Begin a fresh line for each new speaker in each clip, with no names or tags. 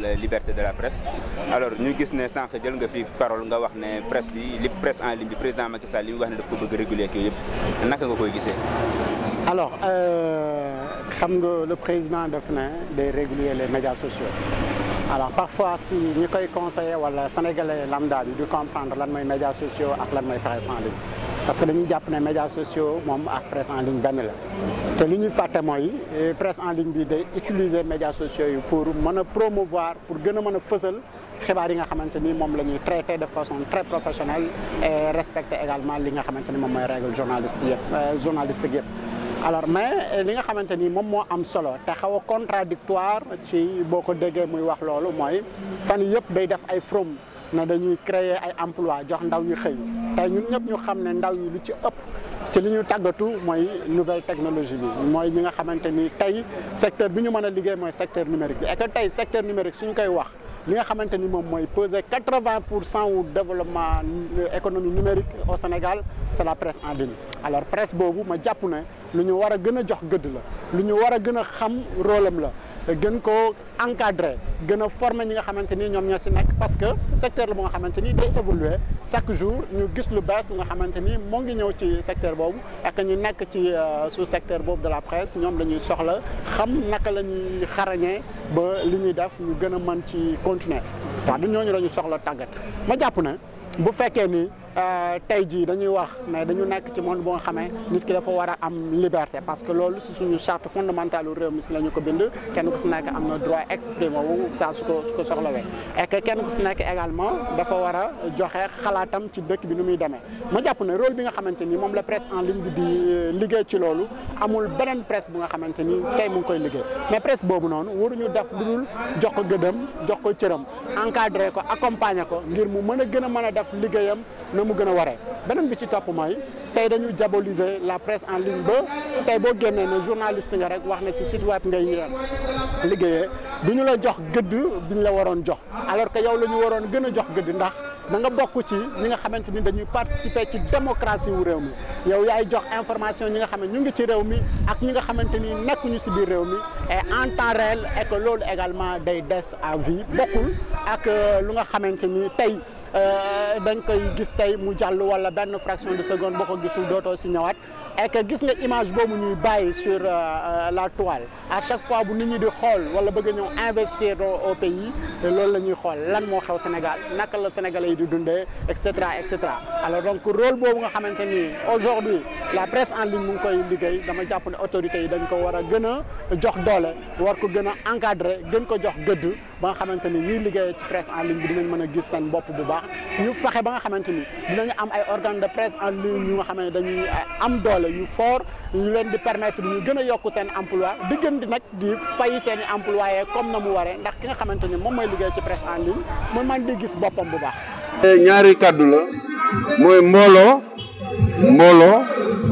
la liberté de la presse alors ñu gis ne sànq jël nga fi parole nga wax ne presse bi li presse en ligne bi président Macky Sall li mu wax ne daf ko bëgg réguler kii yëpp naka nga koy gisee
alors euh, xam nga le président def na day réguler les médias sociaux alors parfois si ñu koy conseiller wala sénégalais lambda daal du comprendre lan mooy médias sociaux ak lan mooy presse en ligne parce que dañuy jàpp ne médias sociaux moom a presse en ligne benn la te li ñuy fàtte mooy eh, presse en ligne bi day utiliser média sociaux yi pour mën a promouvoir pour gën a mën a fësal xibaar yi nga xamante ni moom la ñuy traité de façon très professionnelle e respecte également li nga xamante ni moom mooy règle journaliste yëpp euh, journalistique yëpp alors mais eh, li nga xamante ni moom moo am solo te xaw a contradictoire ci boo ko déggee muy wax loolu mooy fan yëpp bay def ay from ne dañuy créer ay emploi jox ndaw yi xëy tey ñun ñëpp ñu xam ne ndaw yi lu ci ëpp ci li ñu tàggatu mooy nouvelle technologie bi mooy ñi nga xamante ni tey secteur bi ñu mën a liggéey mooy secteur numérique bi et que tey secteur numérique suñu koy wax li nga xamante ni moom mooy peser quatre-vingts pour cent wu développement euh, économie numérique au Sénégal c'est la presse en ligne alors presse boobu ma jàpp ne lu ñu war a gën a jox gëdd la lu ñu war a gën a xam rôle la gën koo encadrer gën a former ñi nga xamante ni ñoom ñoo si nekk parce que secteur la bu nga xamante ni day évoluer chaque jour ñu gis lu bees bu nga xamante ni moo ngi ñëw ci secteur boobu ak ñu nekk ci euh, su secteur boobu de la presse ñoom la ñuy soxla xam naka la ñuy xarañee ba li ñuy def ñu gën a mën ci continuer waaw du ñooñu la soxla tàggat ma jàpp ne bu fekkee ni Euh, tey jii dañuy wax mais dañu nekk ci moom boo nga xamee nit ki dafa war a am liberté parce que loolu si suñu charte fondamentale u réew mi si la ñu ko bind kenn ku si nekk am na droit exprimer wu su ko ko soxlawee et que kenn ku si nekk également dafa war a joxe xalaatam ci dëkk bi nu muy demee ma jàpp ne rôle bi nga xamante ni moom la presse en ligne bi di euh, liggéey ci loolu amul beneen presse bu nga xamante ni tey mu ngi koy liggéey mais presse boobu noonu waruñu def lu dul jox ko gëdëm jox ko cëram encadré ko accompagner ko ngir mu mën a gën a mën a def liggéeyam na mu gën a waree beneen bi ci topp mooy tey dañu diaboliser la presse en ligne ba tey boo génnee ne journaliste nga rek wax ne si site web ngay euh, liggéeyee du ñu la jox gëdd bi ñu la waroon jox alors que yow la waroon gën a jox gëdd ndax da nga ci ñi nga xamante ni dañuy participer ci démocratie wu réew mi yow yaay jox information ñi nga xam ne ñu ngi ci réew mi ak ñi nga xamante ni nekkuñu si biir réew mi et en temps réel et que loolu également day des à bokkul euh, Euh, da nga koy gis tey mu jàll wala benn fraction de seconde boo ko gisu dootoo si ñëwaat et que gis nga image boobu ñuy bàyyi sur euh, euh, la toile à chaque fois bu nit ñi di xool wala bëgg a ñëw investir au pays te loolu la ñuy xool lan moo xew Sénégal naka la Sénégalais yi di dundee et cetera et cetera alors donc rôle boobu nga xamante ni aujourd'hui la presse en ligne mu ngi koy liggéey dama jàpp ne autorité yi dañ ko war a gën a jox doole war ko gën a encadrer gën ko jox gëdd ba xamante ni ñuy ci presse en ligne bi dinañ bopp bu baax ñu fexe ba nga xamante ni ñu am ay organe de presse en ligne yu nga xam ne dañuy eh, am doole yu foor yu leen di permettre ñu gën a yokk seen emploi di gën di nag di fay seen i employé comme na mu waree ndax ki nga xamante ni moom mooy liggéey ci presse en ligne mu man di gis boppam bu baax.
te eh, ñaari kàddu la mooy mbooloo mbooloo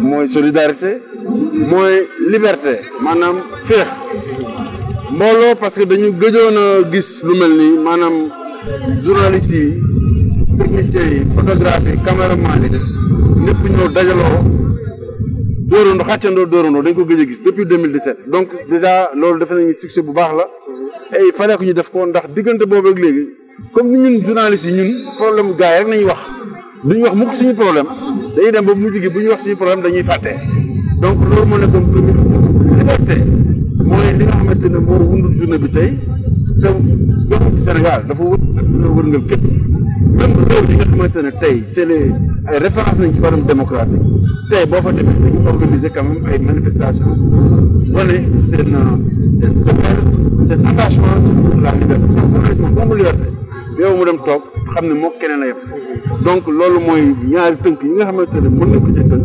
mooy solidarité mooy liberté maanaam féex mbooloo parce que dañu gëjoon a gis lu mel nii maanaam journaliste technicien yi photographie caméraman yi ñëpp ñëw dajaloo dóorandoo xàccandoo dóorandoo dañ ko gëj a gis depuis 2017 donc déjà loolu def nañu succès bu baax la et il ñu def ko ndax diggante boobu ak léegi comme ni ñun journalistes yi ñun problème gars yi rek nañuy wax duñu wax mukk suñu problème dañuy dem ba mujj gi bu ñu wax si suñu problème dañuy fàtte donc loolu moo nekkoon premier liberté mooy li nga xamante ne moo wundul journée bi tey te jox réew bi nga xamante ne tey c'est les ay référence nañ ci wàllum démocratie tey boo fa demee dañu organiser quand même ay manifestations wane seen seen mu dem toog xam ne moo keneen la yem donc loolu mooy ñaari tënk yi nga xamante ne mën na ko ci tënk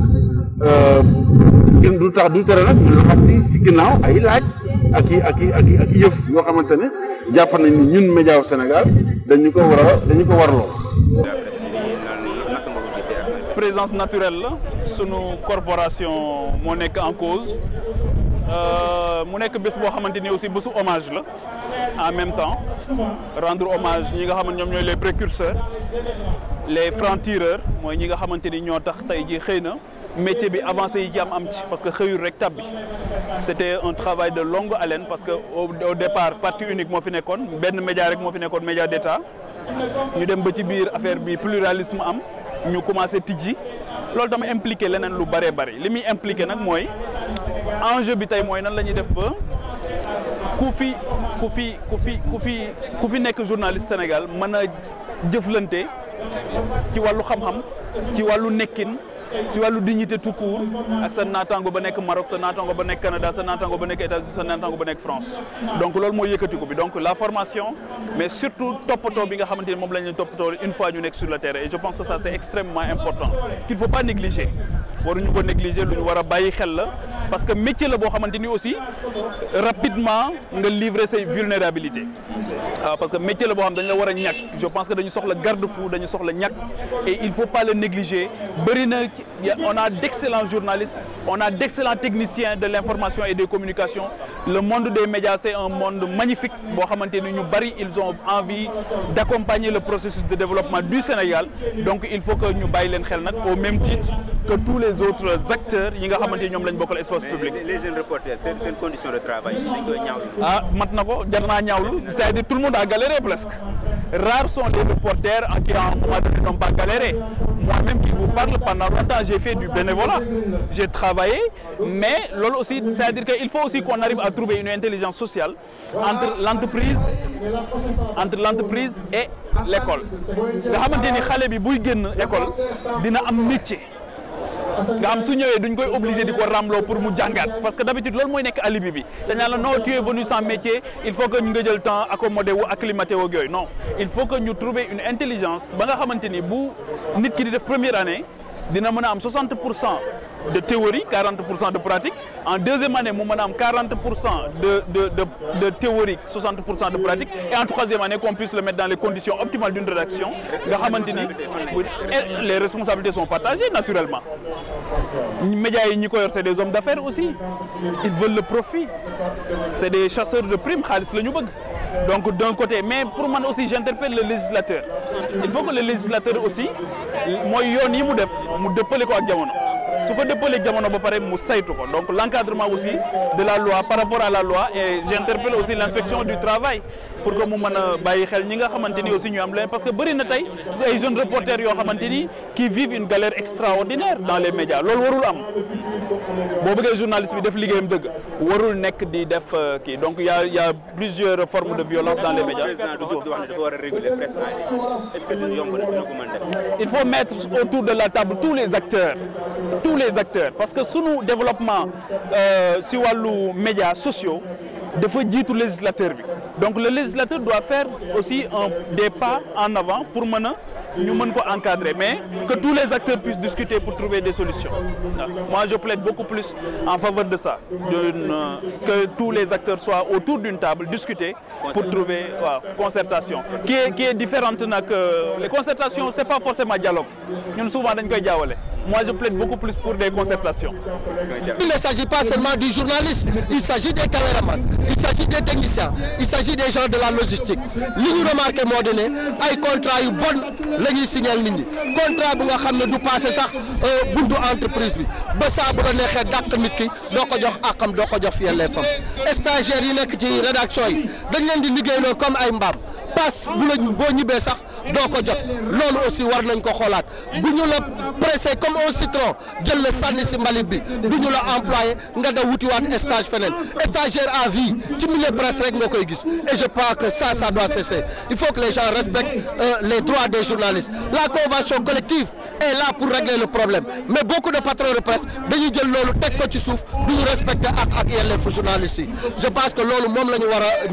euh, du tax du tere nag ñu laxas si si ginnaaw ay laaj ak i ak i ak i ak yëf yoo xamante ne jàpp nañ ni ñun média wu Sénégal dañu ko war a dañu
présence naturelle la sunu corporation moo nekk en cause euh, mu nekk bés boo xamante ni aussi bésu hommage la en même temps rendre hommage ñi nga xam ne ñoom ñooy les précurseurs les francs-tireurs mooy ñi nga xamante ni ñoo tax tey ji xëy na métier bi avancé yi ci am am ci parce que xëyul rek tab bi c'était un travail de longue haleine parce que au départ parti unique moo fi nekkoon benn média rek moo fi nekkoon média d'état ñu dem ba ci biir affaire bi pluralisme am ñu commencé tijji loolu dama impliqué leneen lu bëree bëri li muy impliqué nag mooy enjeu bi tey mooy nan la ñuy def ba ku fi ku fi ku fi ku fi ku fi nekk journaliste Sénégal mën a jëflante ci wàllu xam-xam ci wàllu nekkin. si wàllu dignité tout court ak sa naataango ba nekk Maroc sa naataango ba nekk Canada sa naataango ba nekk États-Unis sa naataango ba nekk France donc loolu mooy yëkkatiku bi donc la formation mais surtout toppatoo bi nga xamante moom la ñu une fois ñu nekk sur le terrain je pense que ça c'est extrêmement important qu'il faut pas négliger waruñu ko négliger lu ñu war a bàyyi xel la parce que métier la boo xamante ni aussi rapidement nga livrer say vulnérabilité waaw ah, parce que métier la boo xam dañ la war a ñàkk je pense que dañu soxla garde fou dañu soxla ñàkk et il faut pas le négliger bëri na on a d'excellents journalistes on a d'excellents technicien de l'information et des communications le monde des médias c'est un monde magnifique boo xamante ni ñu bëri ils ont envie d'accompagner le processus développement du Sénégal donc faut que ñu bàyyi leen xel nag au les autres acteurs yi nga xamante ni ñoom lañ bokkal espace public. les jeunes reporters seen seen condition de travail dañ koy ñaawlu. ah mat na ko jar naa ñaawlu cest à a galéré presque rares sont les reporters qui à moi-même qui vous parle pendant longtemps j'ai fait du bénévolat j'ai travaillé mais loolu aussi c'est-à-dire que il faut aussi qu'on arrive à trouver une intelligence sociale entre l'entreprise et l'école nga xamante ni xale nga am su ñëwee duñ koy obligé di ko ramloo pour mu jàngaat parce que d'habitude loolu mooy nekk alibi bi dañ naan la non tu es venu sans métier il faut que ñu nga temps accommodé wu acclimaté wu ak non il faut que ñu trouver une intelligence ba nga xamante ni bu nit ki di def première année dina mën a am 60 pour cent de théorie 40 pour cent de pratique en deuxième année mu am 40 pour cent de de de de théorie 60 pour cent de pratique et en troisième année qu'on puisse le mettre dans les conditions optimales d'une rédaction nga xamante les responsabilités sont partagées naturellement médias yi ñi ko yor c'est des hommes d'affaires aussi ils veulent le profit c'est des chasseurs de primes xaalis la ñu bëgg donc d'un côté mais pour man aussi j'interpelle le législateur il faut que le législateur aussi mooy yoon yi mu def mu dëppale ko ak jamono su ko dëppalee jamono ba pare mu saytu ko donc l'encadrement aussi de la loi par rapport à la loi et j'interpelle aussi l'inspection du travail pour que mu mën a bàyyi xel ñi nga xamante ni aussi ñu am leen parce que bëri na tey ay jeunes reporters yoo xamante ni qui vivent une galère extraordinaire dans les médias loolu warul am boo bëggee journaliste bi def liggéeyam dëgg warul nekk di def euh, kii donc y a y a plusieurs formes de violence dans les médias. est-ce que yomb na dina ko mën def. il faut mettre autour de la table tous les acteurs tous les acteurs parce que sunu développement euh, si wàllu médias sociaux. dafa jiitu législateur bi donc le législateur doit faire aussi un des pas en avant pour mën a ñu mën ko encadrer mais que tous les acteurs puissent discuter pour trouver des solutions moi je plaide beaucoup plus en faveur de ça d'une euh, que tous les acteurs soient autour d'une table discuter pour trouver waaw concertation qui est qui est différente nag euh, les concertations c'est pas forcément dialogue ñun souvent dañ koy jaawale Moi, je plaide beaucoup plus pour des concertations. Il ne s'agit pas seulement journaliste, il s'agit des
caméramans, il s'agit des techniciens, il s'agit des gens de la logistique. li ñu remarqué moo ne ay contrat yu bon la ñuy signal nit ñi contrat bu nga xam ne du passé sax euh, buntu entreprise bi ba saa neexee dàq nit ki doo ko jox àqam doo ko jox fiyellee fam stagiaires yi nekk ci rédaction yi dañ leen di liggéeyloo comme ay mbaam pass bu la boo ñibbee sax doo ko jot loolu aussi war nañ ko xoolaat bu am au citron jël la sànni si mbalit bi du ñu que ça ça doit euh, la convention collective est là pour régler le problème de patrons de presse dañuy jël loolu teg ko ci suuf du ñu respecter ak ak yelleefu journalistes yi je pense que loolu moom la ñu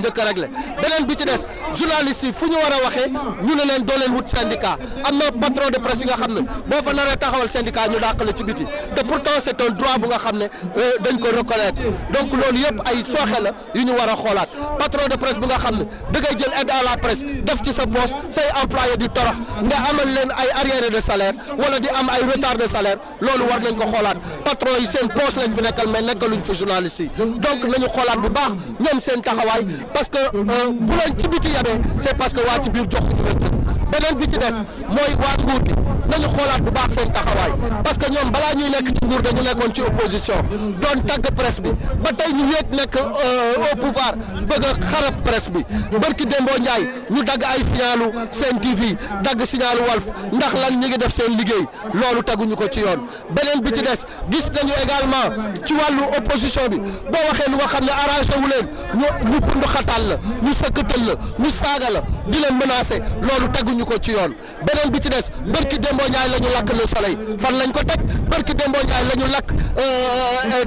njëkk régler beneen bi ci des journalistes yi fu ñu war a ñu ne leen doo wut syndicat am na patron de presse nga xam ne boo fa naree taxawal syndicat syndicat ñu dàq la ci biti te pourtant c' droit bu nga xam ne euh, dañ ko reconnaître donc loolu yëpp ay sooxe la yu ñu war a xoolaat patron de presse bu nga xam ne da jël aide à la presse def ci sa poche say employé di torox nga amal leen ay arriéré de salaire wala di am ay retard de salaire loolu war nañ ko xoolaat patron yi seen poche lañ fi nekkal mais nekkaluñ fi journaliste yi donc nañu xoolaat bu baax ñoom seen taxawaay parce que euh, bu leen ci biti nañu xoolaat bu baax seen taxawaay parce que ñoom balaa ñuy nekk ci nguur dañu nekkoon ci opposition doon tagg presse bi ba tey ñu wéet nekk euh, au pouvoir bëgg a xarab presse bi barki Dembo Ndiaye ñu dagg ay signalu seen TV dagg signalu Walf ndax lan ñu ngi def seen liggéey loolu teguñu ko ci yoon beneen bi ci des gis nañu également ci wàllu opposition bi ba waxee nu nga xam ne arrangé wu leen ñu ñu bund xatal la ñu sëkkatal la ñu saaga la di leen menacé loolu teguñu ko ci yoon beneen bi ci des Dembo la ñu lakk le soleil fan lañ ko teg barki Dembo Ndiaye la ñu lakk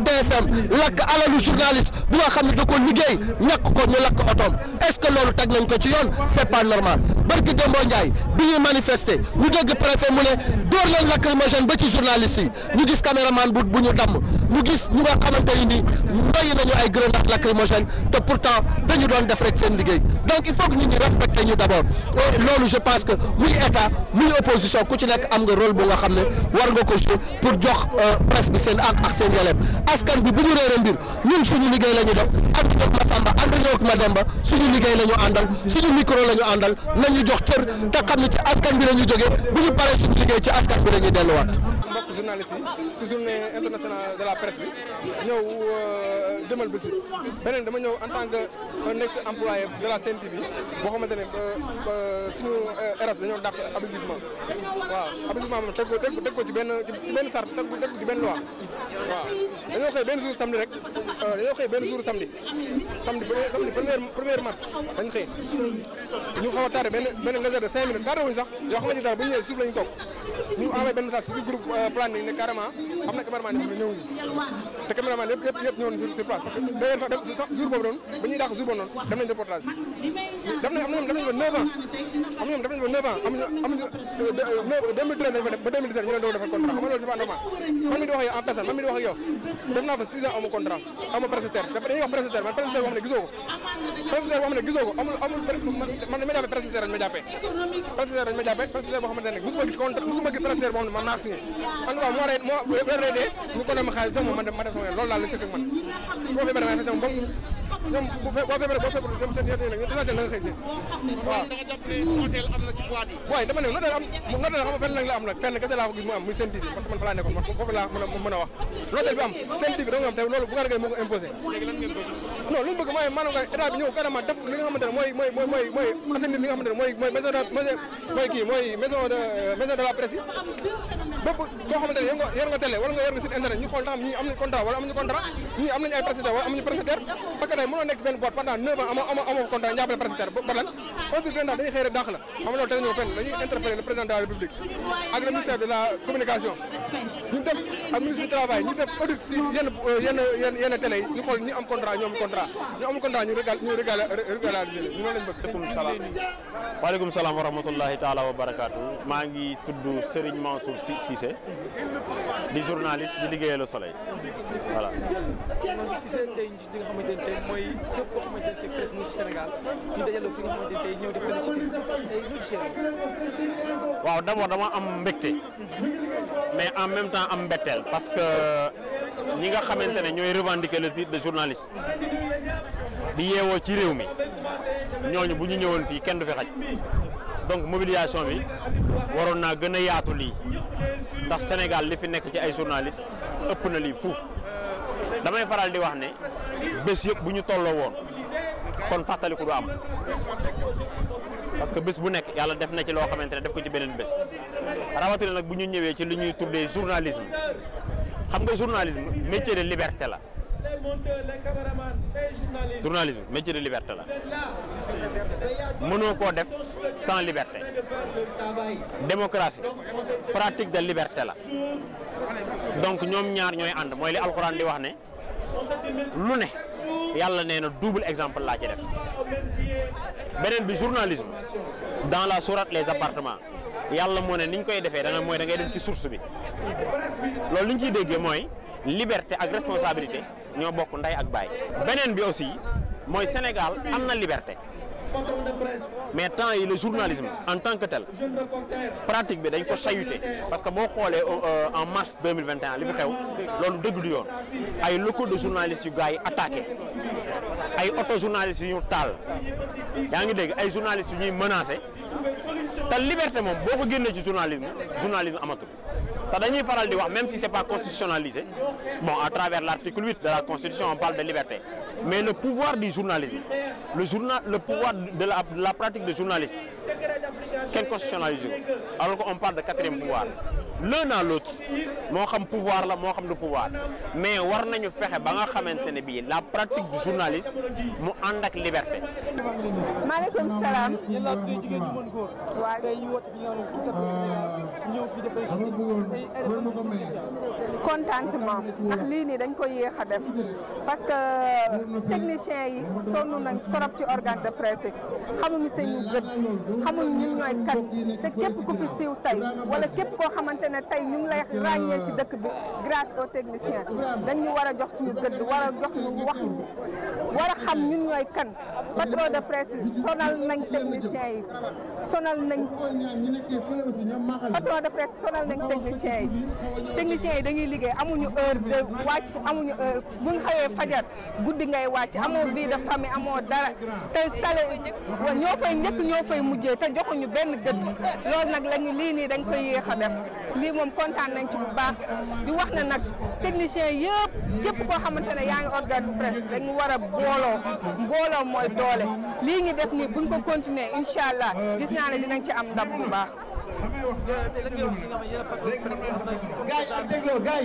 TFM euh, euh, lakk alalu journaliste bu nga xam ne da ko liggéey ñàkk ko ñu lakk otoom est-ce que loolu teg nañ ko ci yoon c'est pas normal barki Dembo Ndiaye bi ñuy manifester ñu dégg préfet mu ne dóor leen lacrymogène ba ci journaliste yi ñu gis caméraman bu bu ñu damm mu gis ñu nga xamante ni noyyi nañu ay grenades lacrymogènes te pourtant dañu doon def rek seen liggéey donc il faut que nit ñi respecté ñu d' abord loolu je pense que muy état muy opposition ku ci nekk am nga role bu nga xam ne war nga ko jouer pour jox euh, presse bi seen ak ak seen yelleef askan bi bu ñu réere mbir ñun suñu liggéey la ñu def ànd ñoo ak Masamba ànd ñoo ak Mademba suñu liggéey la ñu àndal suñu micro la ñu àndal nañu jox cër te xam ne ci askan bi la ñu jógee bu ñu paree suñu liggéey ci askan bi la ñuy delluwaat
mbokk journalistes yi si journée internationale de la presse bi ñëw euh, jëmal bési beneen dama ñëw en tant que un ex employé de la CNTV boo xamante ne suñu eh, RS dañoo dàq abusivement waaw abusivement teg ko teg ci benn ci benn sart teg ko teg ko ci benn loi waaw dañoo xëy benn jour samedi rek euh, dañoo xëy benn jour samedi samedi samedi premier premier mars dañ xëy ñu xaw a tardé benn benn légère de cinq minutes tardé wuñu sax yoo xamante ne sax bu ñu ñëwee suuf la ñu toog ñu benn message suñu groupe euh, planning ne carrément am na caméraman yoo xam ne ñëwuñu te caméraman yëpp yëpp ñëwoon quoi parce que d'ailleurs sax sax jour boobu noonu ba ñuy dàq jour boobu noonu def nañ reportage def nañ am na ñoom def nañ fa 9 ans am na ñoom def nañ fa 9 ans amuñu amuñu 2013 lañ fa def ba 2017 ñu leen doon defal contrat xam nga loolu c'est pas normal man mi di wax ak yow en personne man mi di wax ak yow def naa fa 6 ans amu contrat amu prestataire dañuy wax prestataire man prestataire boo xam ne gisoo ko prestataire boo xam ne gisoo ko amul amul man ma jàppee prestataire dañ ma jàppee prestataire dañ ma jàppee prestataire boo xamante ne musuma gis contrat musuma gis prestataire boo xam ne man naa signé en tout cas moo rey moo weer dee ñu ko dem xaalis jox ma man ma def sama loolu daal la sëkk ak man boo feebaree waaye xëy na moom ñoom bu fe boo feebaree boo feebaree ñoom seen yéen nga xëy si. waaw da nga jàpp am na ci boîte yi. waaye am hôtel xam la am nag fenn kese laa ko am muy seen dibi fa laa nekkoon man foofu laa mën a mën a wax. hôtel bi am seen dibi da am te loolu bu nga ngay moo no li ñu bëgg mooy maanaam nga état bi ñëw carrément def li nga nga xamante ne mooy mooy mooy mooy maison de la presse yi bépp koo nga télé wala nga yor nga site internet ñu xool ndax ñii am nañ contrat wala amuñu contrat ñii am nañ ay prestataire wala amuñu prestataire parce que tey mënoo nekk benn boîte pendant neuf ans amoo amoo amoo contrat jàppale prestataire ba lan on se dit dañuy loolu teg ñoo fenn dañuy interpeller le de la république ak ñu def ak ministre du travail ñu def audit si yenn yenn yenn yenn télé yi ñu xool ñu am contrat ñu am contrat ñu am contrat ñu régal ñu régulariser ñu noonu lañ bëgg. waaleykum salaam
waaleykum salaam wa rahmatullahi taala wa barakaatu maa ngi tudd Serigne Mansour Cissé di journaliste di liggéeyal Le Soleil voilà.
Mansour Cissé tey ñu gis li nga xamante ne tey mooy képp koo xamante ne tey presse mu Sénégal ñu dajale fi nga xamante ne tey ñëw def benn tey lu ci
waaw d'abord dama am mbégte mais en même temps am mbetteel parce que ñi nga xamante ne ñooy revendiquer le titre de journaliste di yeewoo ci réew mi ñooñu bu ñu ñëwoon fii kenn du fi xaj donc mobilisation bi waroon naa gën a yaatu lii ndax Sénégal li fi nekk ci ay journaliste ëpp na lii fuuf damay faral di wax ne bés yëpp bu ñu tolloo woon kon fàttaliku du am parce que bés bu nekk yàlla def na ci loo xamante ne def ko ci beneen bés rawatina nag bu ñu ñëwee ci li ñuy tuddee journalisme xam nga journalisme métier de liberté la. journalisme métier de liberté la mënoo koo def sans liberté démocratie pratique de liberté la donc ñoom ñaar ñooy ànd mooy li alxuraan di wax ne lu ne. yàlla nee na double exemple laa ci def beneen bi journalisme dans la sourate les appartements yàlla moo ne ni ñu koy defee da nga mooy da ngay dem ci source bi loolu li ñu ciy déggee mooy liberté ak responsabilité ñoo bokk ndey ak baay beneen bi aussi mooy Sénégal am na liberté mais temps yi le journalisme en tant que tel pratique bi dañ ko sayute parce que boo xoolee euh, en mars 2021 li fi xew loolu dëgg du yoon ay locaux de journalistes yu gars yi attaqué ay auto journalistes yu ñu taal yaa ngi dégg ay journalistes yu ñuy menacé te liberté moom boo ko génnee ci journalisme journalisme amatul te dañuy faral di wax même si c'est pas constitutionnalisé bon à travers l'article 8 de la constitution on parle de liberté mais le pouvoir du journalisme le journal le pouvoir de la, de la pratique de journaliste kenn constitutionnalisé alors qu'on parle de quatrième pouvoir l'un à l'autre moo xam pouvoir la moo xam du pouvoir mais war nañu fexe ba nga xamante ne bii la pratique du journaliste mu ànd ak liberté.
maaleykum salaam. yéen góor. waaw
contentement ndax lii nii dañ ko yéex a def parce que techniciens yi sonn nañ trop ci organe de presse yi xamuñu seen gët xamuñu ñun ñooy kan te képp ku fi siiw tey wala képp koo xamante ne tey ñu ngi lay ràññee ci dëkk bi grâce aux techniciens dañ ñu war a jox suñu gëdd war a jox ñu wax war a xam ñun ñooy kan patron de presse sonal nañ techniciens yi sonal nañ patron de presse sonal nañ techniciens yi techniciens yi dañuy liggéey amuñu heure de wàcc amuñu heure buñ xëyee fajar guddi ngay wàcc amoo vie de famille amoo dara te salaire ñoo fay njëkk ñoo fay mujjee te joxuñu benn gëdd loolu nag lañu lii nii dañ koy yéex a def lii moom kontaan nañ ci bu baax di wax na nag technicien yëpp yëpp koo xamante ne yaa ngi organe presse dañu war a booloo mbooloo mooy doole lii ngi def nii buñ ko continuer incha allah gis naa ne dinañ ci am
ndab bu baax lan ngay wax si nga xam ne yéen a pàcc ak président am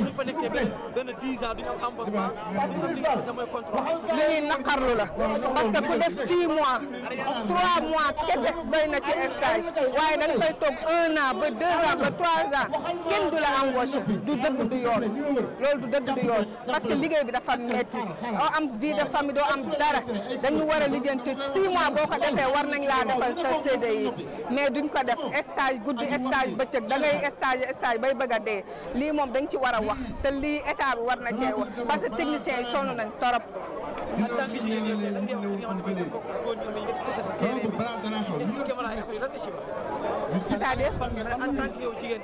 nañu dix ans duñu am empoisement duñu am li nga xam ne mooy contrôle. li ñuy naqarlu la
parce que ku def six mois trois mois kese doy na ci stage waaye da nga fay toog un an ba deux ans ba trois ans kenn du la embauché du dëgg du yoon loolu du dëgg du yoon parce que liggéey bi dafa metti doo am vie de doo am dara dañu war a liggéeyante six mois boo ko defee war nañ laa defal sa CDI mais duñ ko def stage gudd du stage bëccëg da ngay stage stage bay bëgg a dee lii moom dañ ci war a wax te lii état bi war na cee wax parce que techniciens yi sonn nañ torop
c'est-à-dire en tant que yow en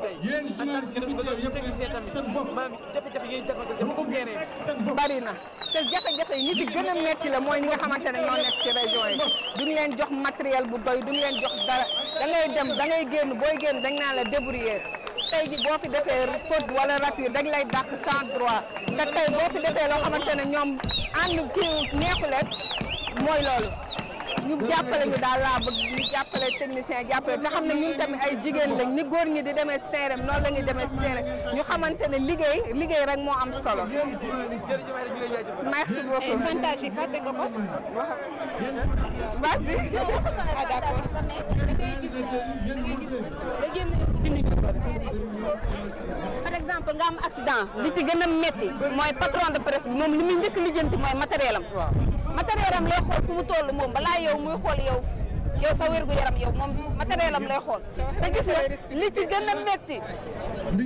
tant que yow technicien tamit maam
jafe-jafe yi jàkkoonte
na jafe-jafe yi ñi gën a metti la mooy ñi nga xamante ne ñoo nekk ci région leen jox matériel bu doy duñu leen jox dara da ngay dem da ngay génn booy génn dañ naan la débrouiller tey ji boo fi defee faute wala rature dañ lay dàq sans droit te tey boo fi defee loo xamante ne ñoom ànd kii neexu mooy lool ñu jàppale ñu daal laa bëgg ñu jàppale technicien jàppale te xam ne ñun tamit ay jigéen lañ ni góor ñi di demee si terrain noonu la ñuy demee ñu xamante ne liggéey liggéey rek moo am solo. merci beaucoup. santage yi fàtte ko ko. vas-y. ah d'accord par exemple nga am accident. li ci gën a metti mooy patron de presse bi moom li muy njëkk lijjanti mooy matériel matériel am lay xool fu mu toll moom balaa yow muy xool yow yow sa wérgu yaram yow moom matériel lay xool te gis nga li ci gën a métti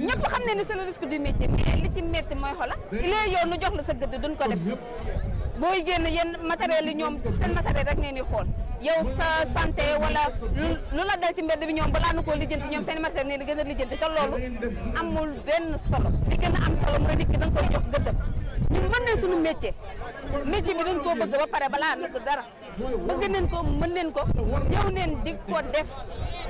ñëpp xam ne ni c'est le risque du métier mais li ci métti mooy xola léegi yow nu jox la sa gëdd duñ ko def booy génn yenn matériel yi ñoom seen matériel rek nee ni xool yow sa santé wala lu la dal ci mbedd bi ñoom balaa nu koo lijjanti ñoom seen matériel nee ni gën a lijjanti te loolu amul benn solo li gën a am solo ñun mën nañ suñu métier métier bi dañ koo bëgg ba pare balaa nag dara ba nañ ko mën nañ ko ñëw neen di ko def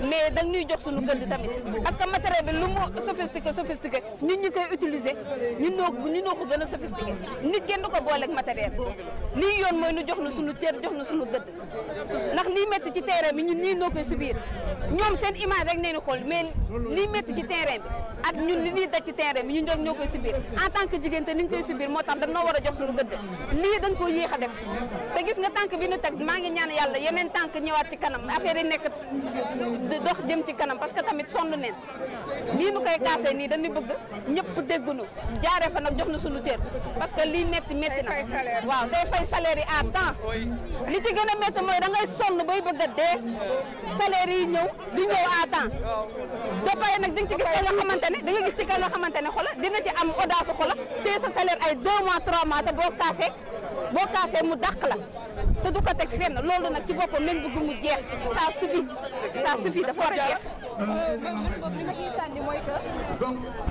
mais da ñuy jox suñu gëdd tamit parce que matériel bi lu mu sophistiqué sophistiqué ni ñi koy utiliser ñu noo ñu noo ko gën a sophistiqué nit kenn du ko booleeg matériel lii yoon mooy nu jox na suñu cër jox na suñu gëdd ndax lii métti ci terrain bi ñun nii noo koy subir ñoom seen image rek nee ni xool mais lii met ci terrain bi ak ñun li ñuy daj ci terrain bi ñun ñoo ñoo koy subir en tant jigéen te ni ñu koy subir moo tax dañoo war a jox suñu gëdd lii dañ ko yéex a def te gis nga tànk bi ñu teg maa ngi ñaan yàlla yeneen tànk ñëwaat ci kanam affaire yi nekk dox jëm ci kanam parce que tamit sonn neen lii nu koy kaasee nii dañuy bëgg ñëpp déggunu jaaree fa nag jox na suñu cër parce que lii metti metti na waaw day fay salaire yi à temps li ci gën a metti mooy da sonn bay a xamante da nga gis ci kan nga xamante ne xola dina ci am audace xola téye sa salaire ay 2 mois 3 mois boo kaasee boo kaasee mu dàq la te du ko teg fenn loolu nag ci boppam lañ bëgg mu jeex ça suffit ça suffit dafa war a jeex li ma ciy sànni mooy que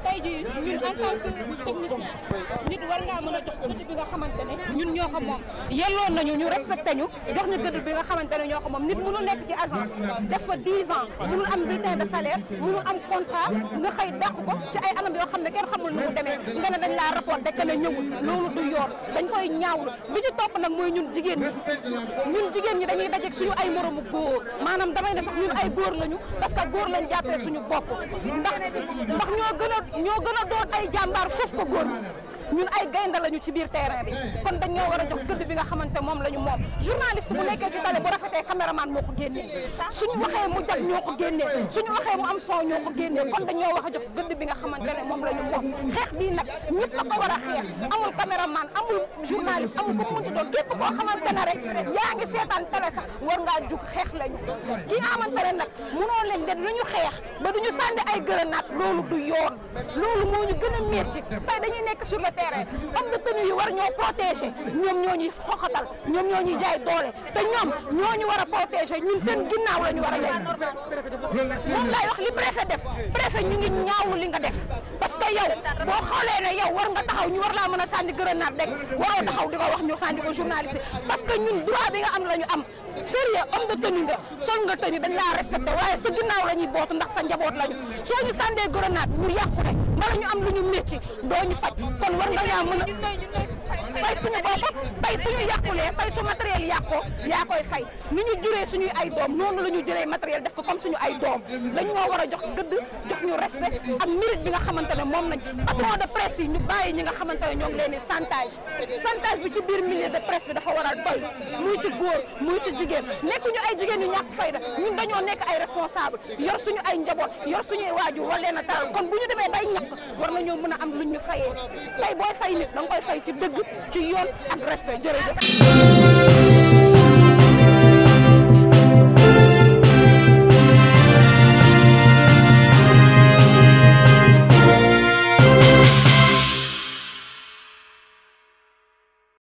tey jii ñun en tant que nit war ngaa mën a jox gëdd bi nga xamante ne ñun ñoo ko moom yelloon nañu ñu respecté ñu jox ñu gëdd bi nga xamante ne ñoo ko moom nit mënul nekk ci agence def fa 10 ans mënul am bulletin de salaire mënul am contrat nga xëy dàq ko ci ay anam yoo xam ne kenn xamul nu mu demee nga ne dañ laa rapporté que ne ñëwul loolu du yoon dañ koy ñaawlu bi ci topp nag mooy ñun jigéen ñi ñun jigéen ñi dañuy dajeeg suñu ay moromu góor maanaam damay ne sax ñun leen jàppee suñu bopp ndax ndax ñoo gën ñoo gën a doon ay jàmbaar foofu ko góor ñun ay gaynde lañu ci biir terrain bi kon dañ war a jox gëdd bi nga xamante moom la moom journaliste bu nekkee ci télé bu rafetee caméraman moo ko génnee suñu waxee mu jag ñoo ko génnee suñu waxee mu am son ñoo ko génnee kon dañ wax a jox gëdd bi nga xamante ne moom la ñu moom xeex bii nag ñëpp a xeex amul caméraman amul journaliste amul ko mu di doon képp koo ngaa jug xeex lañu ki nga xamante ne leen de xeex ba ñu sànni ay grenade loolu du yoon loolu moo ñu gën a métti tey dañuy nekk sur terrain homme de tenue yi war ñoo protéger ñoom ñoo ñuy xoxatal ñoom ñoo ñuy jaay doole te ñoom ñoo ñu war a protéger ñun seen ginnaaw la war a def moom laay wax li préfet def préfet ñu ngi ñaawlu li nga def parce que yow boo xoolee ne yow war nga taxaw ñu war laa mën a sànni grenade rek waroo taxaw di ko wax ñu sànni ko journaliste parce que ñun droit bi nga am la ñu am sérieux homme de tenue nga sol nga tenue dañ laa respecté waaye sa ginnaaw la ñuy boot ndax sa njaboot lañu soo a ñu am lu ñu métti doo ñu faj kon war nga yaa mën a fay suñu bopp bay suñu yàqulee fay su matériel yàqoo yaa koy fay ni ñu juree suñu ay doom noonu la ñu juree matériel def ko comme suñu ay doom dañ ñoo war a jox gëdd jox ñu respect ak mérite bi nga xamante ne moom nañ patron de presse yi ñu bàyyi ñi nga xamante ne ñoo ngi leen di chantage chantage bi ci biir milieu de presse bi dafa war a doy muy ci góor muy ci jigéen nekk ñu ay jigéen yu ñàkk fayda ñun dañoo nekk ay responsable yor suñu ay njaboot yor suñuy waajur war leen a taral kon bu na ñoo mën a am luñ ñu fay ci yoon ak respect jërëjëf